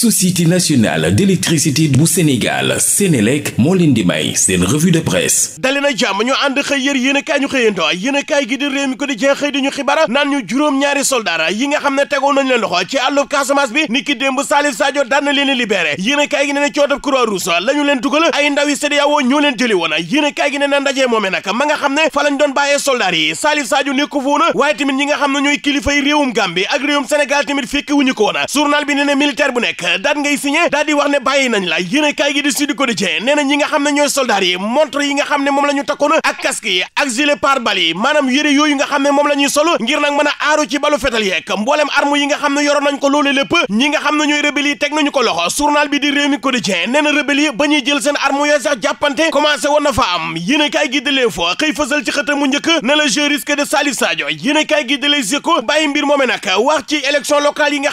société nationale d'électricité bu Sénégal Sénélec moo leen di may seen revue de presse dali jàmm ñu ànd xëy yër yéen a ñu xëyanto yéen a kaay gi di réew mi ko di jeex xëy di ñu xibaar naan ñu juróom-ñaari soldaar yi nga xam ne tegoon nañ leen loxo ci àllub Casamance bi ni ki démb Salif Sadio daan na leen libéré yéen a kaay gi ne ne cootab croix a kaay na ndaje moomee nag ma nga xam ne fa lañ doon bàyyee soldaar yi Salif Sadio nekku foona waaye tamit ñi nga xam ne ñooy kilifay réewum Gambie ak réewum Sénégal tamit fekki wuñu daat ngay signé daal di wax ne bàyyi nañ la yéen kaay gi di Sud Quotidien nee ñi nga xam ne ñooy soldats yi montre yi nga xam ne moom la ñu takkoon ak casque yi ak gilet pare-balles yi maanaam yére yooyu nga xam ne moom la sol ngir nag mën a aaru ci balu fetal yeeg mboolem arme yi nga xam ne yoroon nañ ko loolu lépp ñi nga xam ne ñooy rebelle yi teg nañu ko loxo journal bi di Rewmi Quotidien nee na rebelle yi ba jël seen arme yooyu sax jàppante commencé woon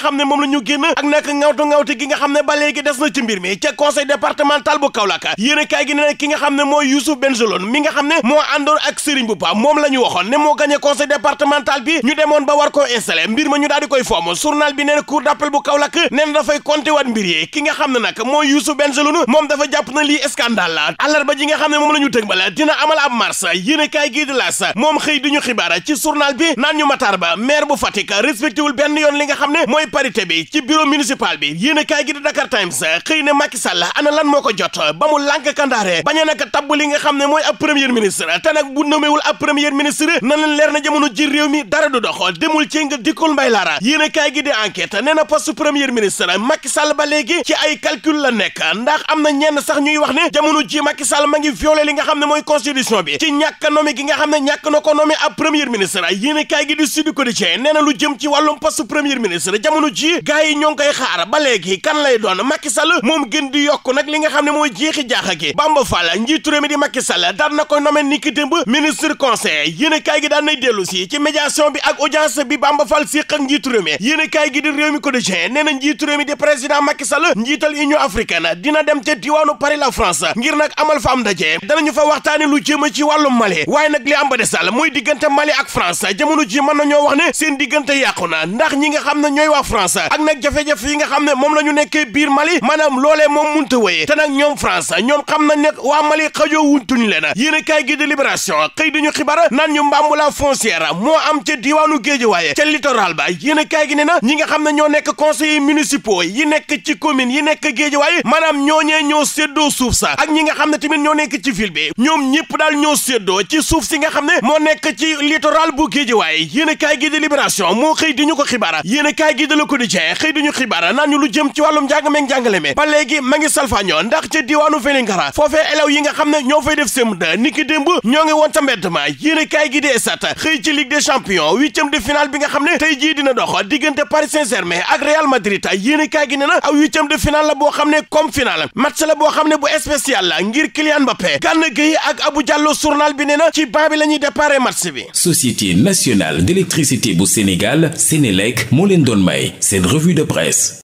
am ne moom la wuute gi nga xam ne ba léegi des na ci mbir mi ca conseil départemental bu Kaolack yéen a kaay gi ne ki nga xam ne mooy Youssouf Bengelone mi nga xam ne moo àndoon ak Serigne Bouba moom la ñu waxoon ne moo gagné conseil départemental bi ñu demoon ba war koo installé mbir ma ñu daal di koy fomm bi nee na cour d'appel bu Kaolack nee na dafay compté waat mbir yi ki nga xam ne nag mooy Youssouf Bengelone moom dafa jàpp na lii scandale la àllarba ji nga xam ne moom la ñu tëg bala dina amal ab mars a kaay gi di laas moom xëy di ñu xibaara ci journal bi naan ñu Matar wul benn yoon li nga xam ne mooy parité bi ci bi yéen a kaay gi di Dakar Times xëy na lan moo ko jot ba mu lànk kandaare bañ a nag tabb li nga xam ne mooy a premier ministre te nag bu nëmewul a premier ministre na leen leer na jamono ji réew mi dara du dox demul ci nga dikkul mbay laara yéen a kaay di enquête ne na poste premier ministre Macky Sall ba léegi ci ay calcul la nekk ndax am na ñenn sax ñuy wax ne jamono ji Macky Sall ma ngi violé li nga xam ne mooy constitution bi ñàkk nomi gi nga xam ne ñàkk na ko nomi ab premier ministre yéen a kaay nee na lu jëm ci wàllum poste premier ministre jamono ji gars yi ñoo ngi koy xaar ba gi kan lay doon Macky Sall moom gën di yokk nag li nga xam ne mooy jeexi jaaxa gi Bamba mi di Macky Sall daan na ko nommé niki démb ministre conseil yéenekaay gi daan nay dellu si ci médiation bi ak audience bi Bamba Fall séq ak njiitu réew mi gi di réew mi quotidien nee na njiitu réew mi di président Macky Sall njiital Union africaine dina dem ca diwaanu Paris la France ngir nag amal fa am ndaje danañu fa waxtaane lu jëm ci wàllu Mali waaye nag li am ba desal na ñoo wax ne na ndax ñi nga xam ne moom la ñu nekkee biir Mali maanaam loolee moom munta wéyee te nag ñoom France ñoom xam nañ ne waa Mali xajoo wuntuñ leen yéen a kaay gi de libération xëy dañu xibaar naan ñu mbambula moo ba yéen a kaay gi ne na ñi nga xam ne ñoo nekk conseillers municipaux yi nekk ci commune yi nekk Géejawaay maanaam ñooñee ñoo séddoo suuf sa ak ñi nga xam ne tamit ñoo nekk ci ville bi ñoom ñëpp daal ñoo séddoo ci suuf si nga xam ne moo nekk ci littoral bu Géejawaay yéen a kaay gi de libération moo di ñu xibaar yéen ñu xibaar naan jëm ci wàllu njàng meeg njàngale mi ba léegi mangi ngi salfaañoo ndax ci diwaanu Vélingara foofee élèves yi nga xam ne ñoo fay def CM2 niki démb ñoo ngi woon mbedd ma yéen gi dee sat xëy ci Ligue des champions huitième de finale bi nga xam ne tey jii dina dox diggante Paris Saint-Germain ak Real Madrid yéen kaay gi ne na aw huitième de finale la boo xam ne comme finale match la boo xam ne bu spécial la ngir Kylian Mbappé Gana Gueye ak abu Diallo journal bi ne na ci banc bi la ñuy déparé match bi Société nationale d'électricité bu Sénégal Sénélec moo leen doon may seen revue de presse